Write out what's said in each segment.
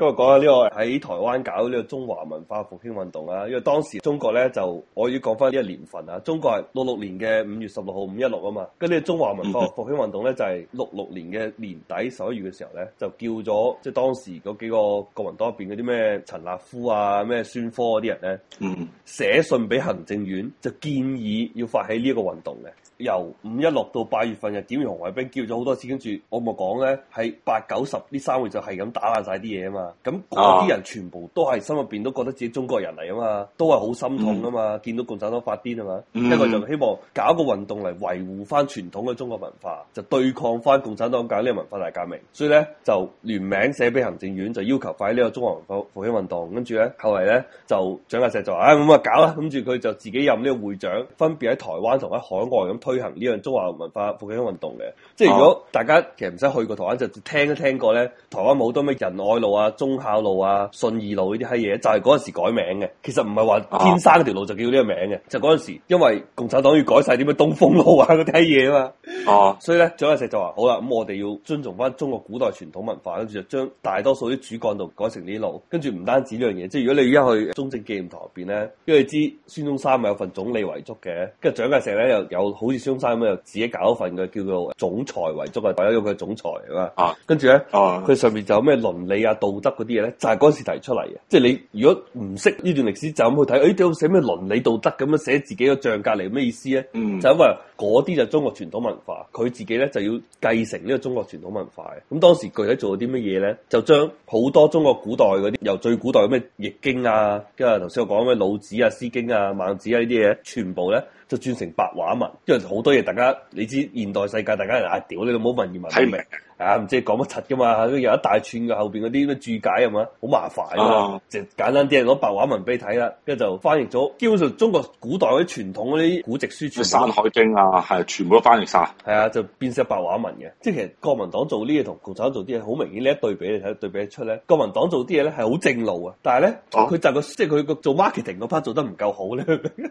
今日講下呢個喺台灣搞呢個中華文化復興運動啊。因為當時中國咧就我要講翻呢個年份啊，中國係六六年嘅五月十六號五一六啊嘛，跟呢個中華文化復興運動咧就係六六年嘅年底十一月嘅時候咧就叫咗即係當時嗰幾個國民黨入邊嗰啲咩陳立夫啊咩孫科嗰啲人咧，寫信俾行政院就建議要發起呢一個運動嘅。由五一六到八月份，檢閱完紅衛兵，叫咗好多次，跟住我咪講咧，係八九十呢三個月就係咁打爛晒啲嘢啊嘛。咁嗰啲人全部都係心入邊都覺得自己中國人嚟啊嘛，都係好心痛啊嘛，嗯、見到共產黨發癲啊嘛，嗯、一個就希望搞一個運動嚟維護翻傳統嘅中國文化，就對抗翻共產黨搞呢個文化大革命。所以咧就聯名寫俾行政院，就要求快啲搞呢個中國文化復興運動。跟住咧後嚟咧就蔣介石就話，啊、哎，咁啊搞啦，跟住佢就自己任呢個會長，分別喺台灣同喺海外咁。推行呢樣中華文化復興運動嘅，即係如果大家其實唔使去過台灣就聽一聽過咧，台灣冇多咩仁愛路啊、忠孝路啊、信義路呢啲閪嘢，就係嗰陣時改名嘅。其實唔係話天生嗰條路就叫呢個名嘅，就嗰、是、陣時因為共產黨要改晒啲咩東風路啊嗰啲閪嘢啊嘛。哦，所以咧蔣介石就話：好啦，咁我哋要尊重翻中國古代傳統文化，跟住就將大多數啲主幹道改成呢啲路。跟住唔單止呢樣嘢，即係如果你而家去中正紀念堂入邊咧，因為知孫中山咪有份總理遺囑嘅，跟住蔣介石咧又有好.商山，咁又自己搞一份嘅，叫做總裁遺囑啊，為咗用佢總裁啊嘛。啊，跟住咧，佢上面就有咩倫理啊、道德嗰啲嘢咧，就係、是、嗰時提出嚟嘅。即係你如果唔識呢段歷史，就咁去睇，誒、哎，要寫咩倫理道德咁樣寫自己嘅象格嚟。咩意思咧？嗯、就因為嗰啲就中國傳統文化，佢自己咧就要繼承呢個中國傳統文化。咁當時具體做咗啲乜嘢咧？就將好多中國古代嗰啲，由最古代咩《易經》啊，跟住頭先我講咩《老子》啊、《詩經》啊、《孟子》啊呢啲嘢，全部咧。就轉成白話文，因為好多嘢大家你知現代世界大家啊屌你都冇文言文，睇唔明嗎啊，唔知講乜柒噶嘛，有一大串嘅後邊嗰啲咩注解咁啊，好麻煩啊，就簡單啲攞白話文俾你睇啦，跟住就翻譯咗基本上中國古代嗰啲傳統嗰啲古籍書，山海經啊，係全部都翻譯晒，係啊就變成白話文嘅，即係其實國民黨做啲嘢同共產黨做啲嘢好明顯，呢一對比你睇對比得出咧，國民黨做啲嘢咧係好正路啊，但係咧佢就個即係佢個做 marketing 嗰 part 做得唔夠好咧。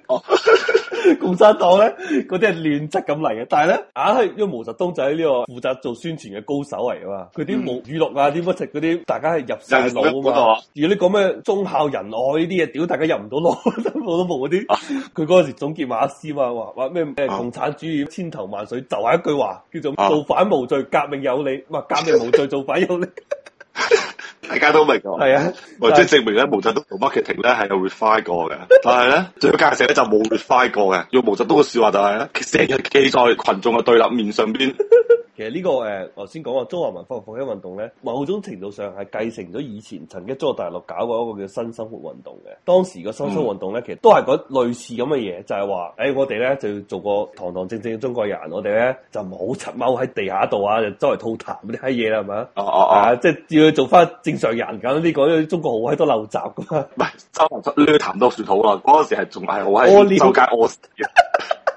啊 共產黨咧，嗰啲係亂質咁嚟嘅，但係咧，啊，因為毛澤東就係呢個負責做宣傳嘅高手嚟㗎嘛，佢啲毛語錄啊，啲乜柒嗰啲，大家係入晒腦啊嘛。如果你講咩忠孝仁愛呢啲嘢，屌大家入唔到腦，我都冇嗰啲。佢嗰陣時總結馬克思嘛，話話咩誒，啊、共產主義千頭萬緒，就係一句話，叫做造反無罪，革命有理，唔係革命無罪，造反有理。啊啊大家都明啊，係啊，即係證明咧，毛澤東同 marketing 咧係有 refine 過嘅， 但係咧，蔣介石咧就冇 refine 過嘅。用毛澤東嘅笑話就係、是、咧，佢成日企在群眾嘅對立面上邊。 其實呢個誒，頭先講話中華文化復興運動咧，某種程度上係繼承咗以前曾經中國大陸搞過一個叫新生活運動嘅。當時個新生活運動咧，其實都係講類似咁嘅嘢，就係話誒，我哋咧就要做個堂堂正正嘅中國人，我哋咧就唔好出踎喺地下度啊，就周圍吐痰嗰啲閪嘢啦，係咪？哦哦哦，即係要做翻正常人咁，呢個中國好閪多陋習噶。唔係，周立，你談到樹土啦，嗰時係仲係好喺周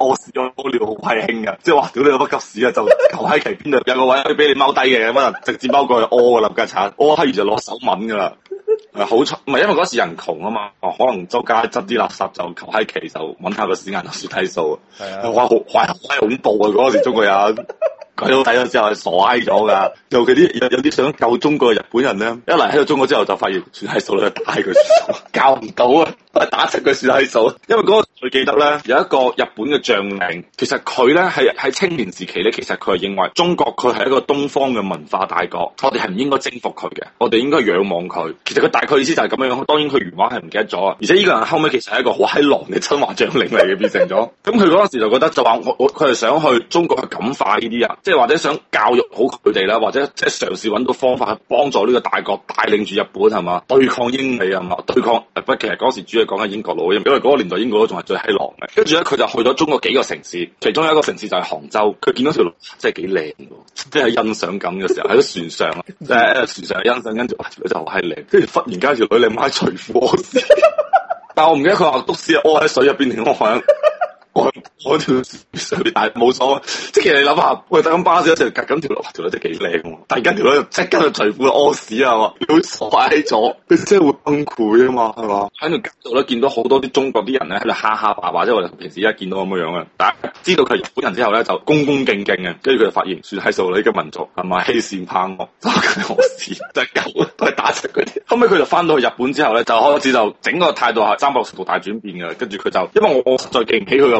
屙屎咗屙尿好鬼興噶，即係話屌你有不急屎啊？就求閪其邊度有個位可以俾你踎低嘅，咁能直接踎過去屙噶啦，冚家鏟屙，屙完就攞手揾噶啦。好彩唔係因為嗰時人窮啊嘛，可能周街執啲垃圾就求閪其就揾下個屎眼攞屎剃數。哇好快好恐怖啊！嗰時中國人佢都睇咗之後傻閪咗噶，尤其啲有啲想救中國嘅日本人咧，一嚟喺到中國之後就發現剃數咧大過數，教唔到啊！打直佢算喺數，因為嗰時，佢記得咧，有一個日本嘅將領，其實佢咧係喺青年時期咧，其實佢係認為中國佢係一個東方嘅文化大國，我哋係唔應該征服佢嘅，我哋應該仰望佢。其實佢大概意思就係咁樣樣，當然佢原話係唔記得咗，而且呢個人後尾其實係一個好閪狼嘅侵華將領嚟嘅，變成咗。咁佢嗰陣時就覺得就話我我佢係想去中國去感化呢啲人，即係或者想教育好佢哋啦，或者即係嘗試揾到方法去幫助呢個大國帶領住日本係嘛，對抗英美啊嘛，對抗誒不其實嗰時主講緊英國佬，因為嗰個年代英國佬仲係最閪狼嘅。跟住咧，佢就去咗中國幾個城市，其中有一個城市就係杭州。佢見到條路，真係幾靚，即係欣賞咁嘅時候喺個船上啊，喺個船上欣賞，跟住哇，佢就好閪靚。跟住忽然間條女你除褲屙屎，但係我唔記得佢話篤屎，屙喺水入邊點我我條上邊大冇所謂，即係你諗下，我等巴士一直隔緊條路，條路都係幾靚嘅喎。但係而家條路即刻就除褲屙屎啊！嘛。我衰咗，即係會崩潰啊嘛，係嘛？喺條街度咧，見到好多啲中國啲人咧喺度哈哈怕怕，即係我哋平時一見到見到咁嘅樣嘅。但係知道佢係日本人之後咧，就恭恭敬敬嘅。跟住佢就發現，算係做呢嘅民族係咪欺善怕惡、啊 啊？真係好屎，就係狗，都係打柒佢啲。後尾佢就翻到去日本之後咧，就開始就整個態度係三百六十度大轉變嘅。跟住佢就因為我我實在敬唔起佢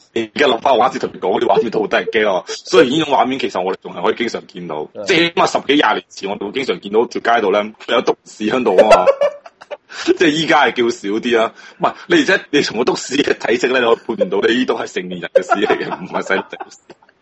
而家落花畫面，同你講啲畫面都好得人驚咯。所以呢種畫面其實我哋仲係可以經常見到， 即係起碼十幾廿年前我哋會經常見到條街度咧有篤屎喺度啊嘛。 即係依家係叫少啲啦。唔係你而家你從個篤屎嘅體積咧，你可以判斷到你呢度係成年人嘅屎嚟嘅，唔係使。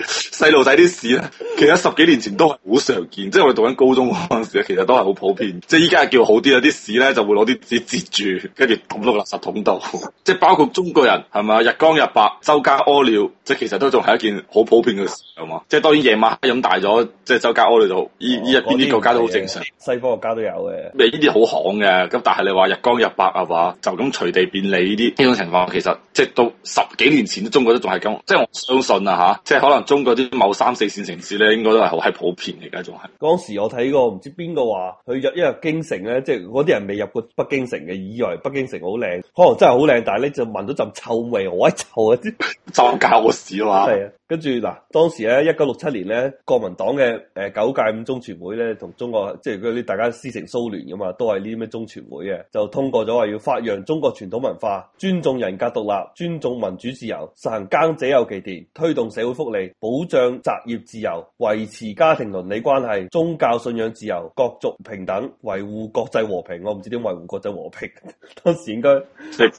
細路仔啲屎咧，其實十幾年前都係好常見。 即係我哋讀緊高中嗰陣時其實都係好普遍。 即係依家叫好啲啦，啲屎咧就會攞啲紙折住，跟住抌落垃圾桶度。 即係包括中國人係咪，日光日白，周街屙尿，即係其實都仲係一件好普遍嘅事，係嘛。即係當然夜晚飲大咗，即係周街屙尿度，依依入邊啲國家都好正常，哦、西方國家都有嘅。咩呢啲好巷嘅，咁但係你話日光日白啊嘛，就咁隨地便利呢啲呢種情況，其實即係到十幾年前，中國都仲係咁。即係我相信啊吓，即係可能。中國啲某三四線城市咧，應該都係好係普遍嘅，而家仲係。當時我睇過唔知邊個話，去入因為京城咧，即係嗰啲人未入過北京城嘅，以為北京城好靚，可能真係好靚，但係咧就聞到陣臭味，我一臭啊！啲裝狗屎嘛。跟住嗱，當時咧一九六七年咧，國民黨嘅誒九屆五中全會咧，同中國即係嗰啲大家師承蘇聯嘅嘛，都係呢啲咩中全會嘅，就通過咗話要發揚中國傳統文化，尊重人格獨立，尊重民主自由，實行耕者有其田，推動社會福利，保障擇業自由，維持家庭倫理關係，宗教信仰自由，各族平等，維護國際和平。我唔知點維護國際和平， 當時應該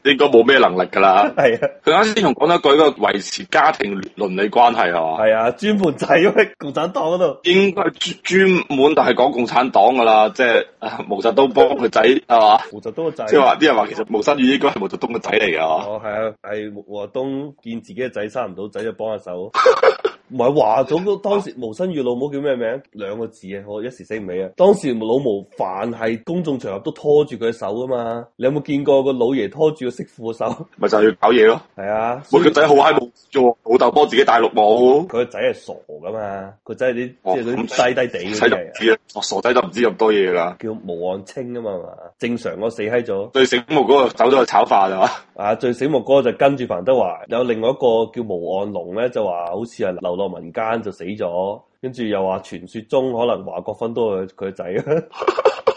應該冇咩能力噶啦。係啊，佢啱先同講咗句嗰個維持家庭倫理關係係嘛？係啊，專門仔喎共產黨嗰度，應該專專門就係講共產黨噶啦，即係毛澤東幫個仔係嘛？毛澤東個仔，即係話啲人話其實毛新宇應該係毛澤東個仔嚟噶，哦係啊，係毛澤東見自己個仔生唔到仔就幫下手。唔係話咗嗰當時毛新宇老母叫咩名？兩個字啊，我一時醒唔起啊。當時老毛凡係公眾場合都拖住佢手噶嘛。你有冇見過個老爺拖住個媳婦嘅手？咪就係要搞嘢咯。係啊，佢個仔好閪冇做，老豆幫自己戴綠帽。佢個仔係傻噶嘛，佢仔係啲即係嗰啲低低地嘅。傻仔就唔知咁多嘢啦。叫毛岸青啊嘛，正常我死喺咗。最醒目嗰個走咗去炒飯啦嘛。啊，最醒目嗰個就跟住彭德懷， 有另外一個叫毛岸龍咧，就話好似係流。個民間就死咗，跟住又話傳說中可能華國鋒都係佢個仔啊，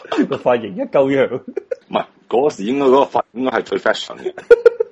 發個髮型一舊樣，唔係，嗰時應該嗰個髮應該係最 fashion 嘅。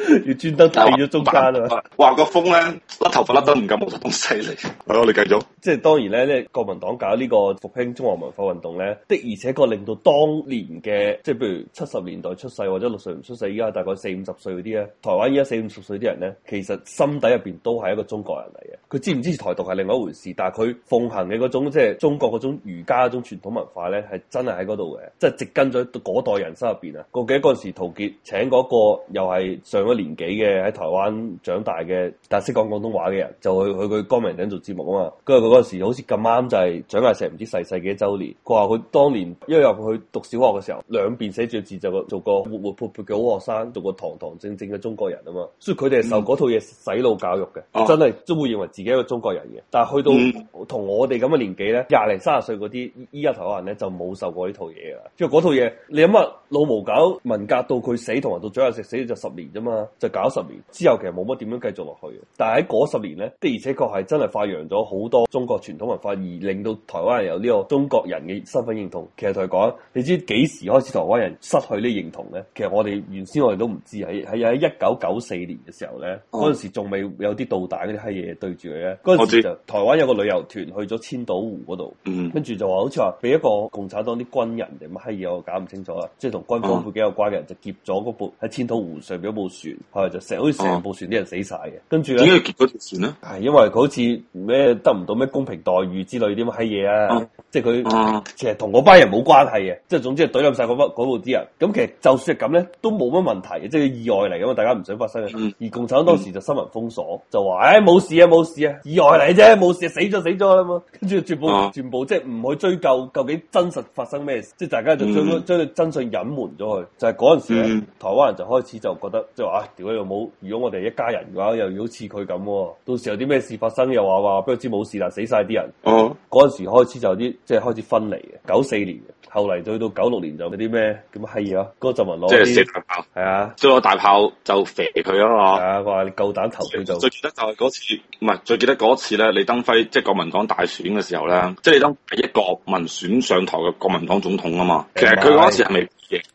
要專登睇咗中間啊！哇，個風咧甩頭髮甩得唔敢，冇得咁犀利。係咯、哎，你繼續。即係當然咧，即係國民黨搞呢個復興中華文化運動咧，的而且確令到當年嘅，即係譬如七十年代出世或者六歲唔出世，依家大概四五十歲嗰啲啊，台灣依家四五十歲啲人咧，其實心底入邊都係一個中國人嚟嘅。佢支唔支持台獨係另外一回事，但係佢奉行嘅嗰種即係中國嗰種儒家嗰種傳統文化咧，係真係喺嗰度嘅，即係植根咗嗰代人心入邊啊。嗰幾嗰陣時，陶傑請嗰個又係上年紀嘅喺台灣長大嘅，但係識講廣東話嘅人，就去去佢光明頂做節目啊嘛。跟住佢嗰陣時好似咁啱就係蔣介石唔知細細幾周年。佢話佢當年因為入去讀小學嘅時候，兩邊寫住字就做個活活潑潑嘅好學生，做個堂堂正正嘅中國人啊嘛。所以佢哋係受嗰套嘢洗腦教育嘅，真係都會認為自己係個中國人嘅。但係去到同我哋咁嘅年紀咧，廿零三十歲嗰啲依家台灣人咧就冇受過呢套嘢啦。即係嗰套嘢，你諗下老毛狗，文革到佢死，同埋到蔣介石死就十年啫嘛。就搞十年之後，其實冇乜點樣繼續落去，但係喺嗰十年咧，的而且確係真係發揚咗好多中國傳統文化，而令到台灣人有呢個中國人嘅身份認同。其實同佢講，你知幾時開始台灣人失去呢認同咧？其實我哋原先我哋都唔知。喺喺一九九四年嘅時候咧，嗰陣、啊、時仲未有啲導彈嗰啲閪嘢，對住佢咧。嗰陣時就台灣有個旅遊團去咗千島湖嗰度，跟住、嗯、就話好似話俾一個共產黨啲軍人定乜閪嘢，我搞唔清楚啦。即係同軍方會幾有關嘅人就，就劫咗嗰部喺千島湖上面部船，係就成好似成部船啲人死晒嘅，跟住咧點解結嗰條船咧？係因為佢好似咩得唔到咩公平待遇之類啲咁嘅嘢啊！即係佢其實同嗰班人冇關係嘅，即係總之係懟冧晒嗰班嗰部啲人。咁其實就算係咁咧，都冇乜問題嘅，即、就、係、是、意外嚟嘅嘛，大家唔想發生。嘅、嗯、而共產黨當時就新聞封鎖，就話：，誒、嗯，冇、哎、事啊，冇事啊，意外嚟啫，冇事、啊，死咗死咗啦嘛。跟住全部、啊、全部即係唔去追究，究究竟真實發生咩事，即、就、係、是、大家就將將、嗯、真相隱瞞咗去。就係嗰陣時咧，嗯、台灣人就開始就覺得即啊！屌，又冇。如果我哋一家人嘅話，又好似佢咁，到時候有啲咩事發生，又話話畀佢知冇事啦，但死晒啲人。嗰陣、嗯、時開始就有、是、啲，即係開始分離嘅。九四年，後嚟到去到九六年就嗰啲咩咁閪嘢咯。嗰陣時攞即係射大炮，係啊，即係攞大炮就肥佢咯。係啊，話、啊、你夠膽投佢就最。最記得就係嗰次，唔係最記得嗰次咧，李登輝即係國民黨大選嘅時候咧，即係李登第一個民選上台嘅國民黨總統啊嘛。其實佢嗰時係咪？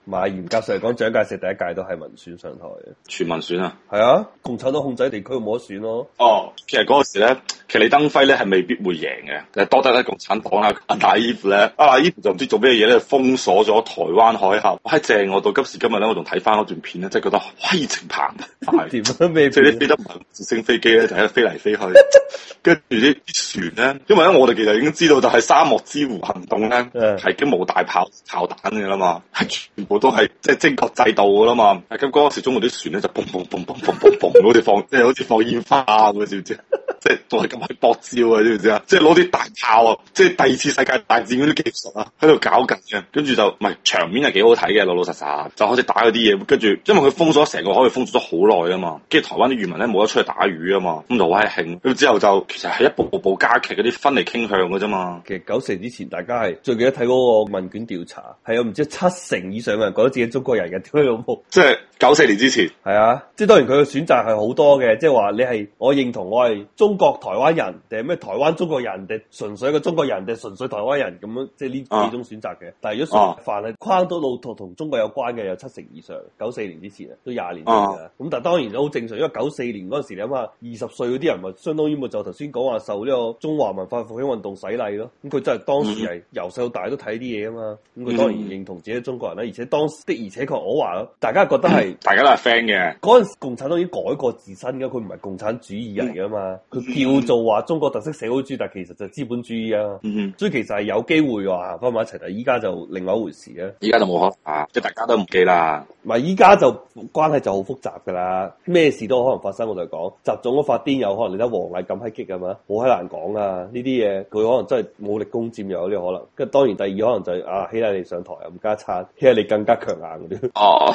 唔係，嚴格上嚟講，蔣介石第一屆都係民選上台嘅，全民選啊，係啊，共產黨控制地區冇得選咯、啊。哦，其實嗰陣時咧，其實李登輝咧係未必會贏嘅，但係多得咧共產黨啦。阿賴依夫咧，阿賴依夫就唔知做咩嘢咧，封鎖咗台灣海峽，喺正我到今時今日咧，我仲睇翻嗰段片咧，真係覺得威情澎湃點未即係啲飛得直升飛機咧，就喺、是、度飛嚟飛去，跟住啲船咧，因為咧我哋其實已經知道，就係沙漠之狐行動咧，係 已經冇大炮炮彈嘅啦嘛，係全部。都係即係精確制度噶啦嘛，咁嗰陣時中國啲船咧就嘣嘣嘣嘣嘣嘣嘣，好似放即係好似放煙花咁，知唔知？都係咁去搏招啊，知唔知啊？即係攞啲大炮啊，即係第二次世界大戰嗰啲技術啊，喺度搞緊嘅。跟住就唔係場面係幾好睇嘅，老老實實就開始打嗰啲嘢。跟住因為佢封鎖成個海，佢封鎖咗好耐啊嘛。跟住台灣啲漁民咧冇得出去打魚啊嘛。咁台灣係興咁之後就其實係一步步加劇嗰啲分離傾向嘅啫嘛。其實九四年之前大家係最記得睇嗰個問卷調查，係有唔知七成以上嘅人覺得自己中國人嘅，超恐怖。即係九四年之前係啊，即係當然佢嘅選擇係好多嘅，即係話你係我認同我係中。中國台灣人定係咩台灣中國人？定純粹嘅中國人？定純粹台灣人咁樣？即係呢幾種選擇嘅。啊、但係如果凡係框到老同同中國有關嘅，有七成以上。九四年之前，年前啊，都廿年啦。咁但係當然好正常，因為九四年嗰陣時，你諗下二十歲嗰啲人，咪相當於咪就頭先講話受呢個中華文化復興運動洗禮咯。咁佢真係當時係由細到大都睇啲嘢啊嘛。咁佢當然認同自己中國人啦。而且當時的而且確我話，大家覺得係、嗯、大家都係 friend 嘅。嗰陣時共產黨已經改過自身噶，佢唔係共產主義嚟噶嘛。嗯叫做話中國特色社會主義，但其實就資本主義啊， 所以其實係有機會話行翻埋一齊，但係依家就另外一回事啊。依家就冇可，即係大家都唔記啦。唔係依家就關係就好複雜噶啦，咩事都可能發生。我就講，習總一發癲，有可能你睇王毅咁嗨激噶嘛，好難講啊。呢啲嘢佢可能真係武力攻佔又有啲可能。跟住當然第二可能就係、是、啊希拉里上台又唔加餐，希拉里更加強硬嗰啲。哦，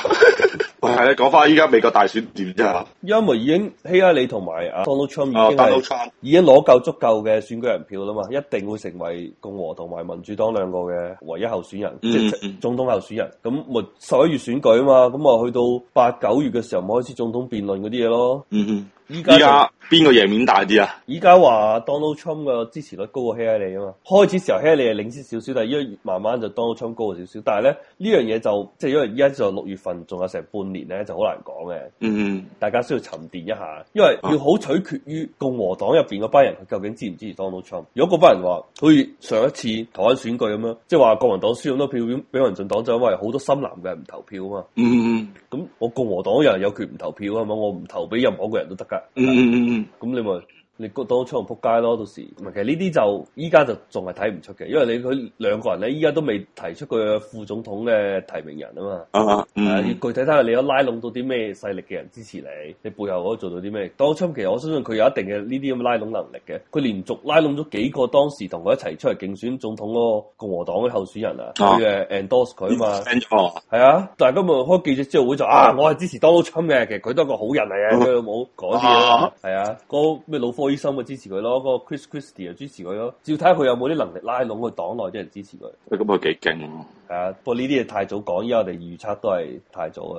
係咧，講翻依家美國大選點啫吓，因為已經希拉里同埋啊 Donald Trump 已經已經攞夠足夠嘅選舉人票啦嘛，一定會成為共和同埋民主黨兩個嘅唯一候選人，嗯嗯、即係總統候選人。咁咪十一月選舉啊嘛，咁啊去到八九月嘅時候，咪開始總統辯論嗰啲嘢咯。嗯嗯。嗯嗯依家邊個贏面大啲啊？依家話 Donald Trump 個支持率高過希拉里啊嘛。開始時候希拉里係領先少少，但係因為慢慢就 Donald Trump 高咗少少。但係咧呢樣嘢就即係因為依家就六月份，仲有成半年咧就好難講嘅。嗯哼，大家需要沉澱一下，因為要好取決於共和黨入邊嗰班人佢究竟支唔支持 Donald Trump。如果嗰班人話好似上一次台灣選舉咁樣，即係話國民黨輸咁多票，咁俾民進黨就因為好多深藍嘅人唔投票啊嘛。嗯嗯哼嗯。咁我共和黨又係有權唔投票啊嘛，我唔投俾任何個人都得㗎。嗯嗯嗯嗯，咁你咪。你郭初昌就仆街咯，到時其實呢啲就依家就仲係睇唔出嘅，因為你佢兩個人咧依家都未提出個副總統嘅提名人嘛、uh, mm hmm. 啊嘛，你你你啊，嗯，具體睇下你有拉攏到啲咩勢力嘅人支持你，你背後可以做到啲咩 Donald Trump 其實我相信佢有一定嘅呢啲咁嘅拉攏能力嘅，佢連續拉攏咗幾個當時同佢一齊出嚟競選總統嗰共和黨嘅候選人啊、uh，佢嘅 endorse 佢嘛，係啊，嗯、啊但係今日開記者招待會就、uh huh. 啊，我係支持 Donald Trump 嘅，其實佢都係一個好人嚟、啊、嘅、uh，佢冇講啲，係啊，嗰咩老科。威心咪支持佢咯，個 Chris Christie 啊支持佢咯，照睇下佢有冇啲能力拉攏個黨內啲人支持佢。咁佢幾勁喎？係啊，不過呢啲嘢太早講，而家我哋預測都係太早啊。